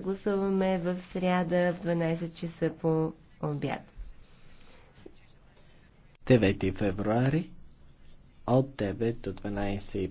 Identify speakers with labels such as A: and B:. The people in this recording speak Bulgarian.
A: гласуваме в сряда в 12 часа по обяд.
B: 9 февруари от 9 до 12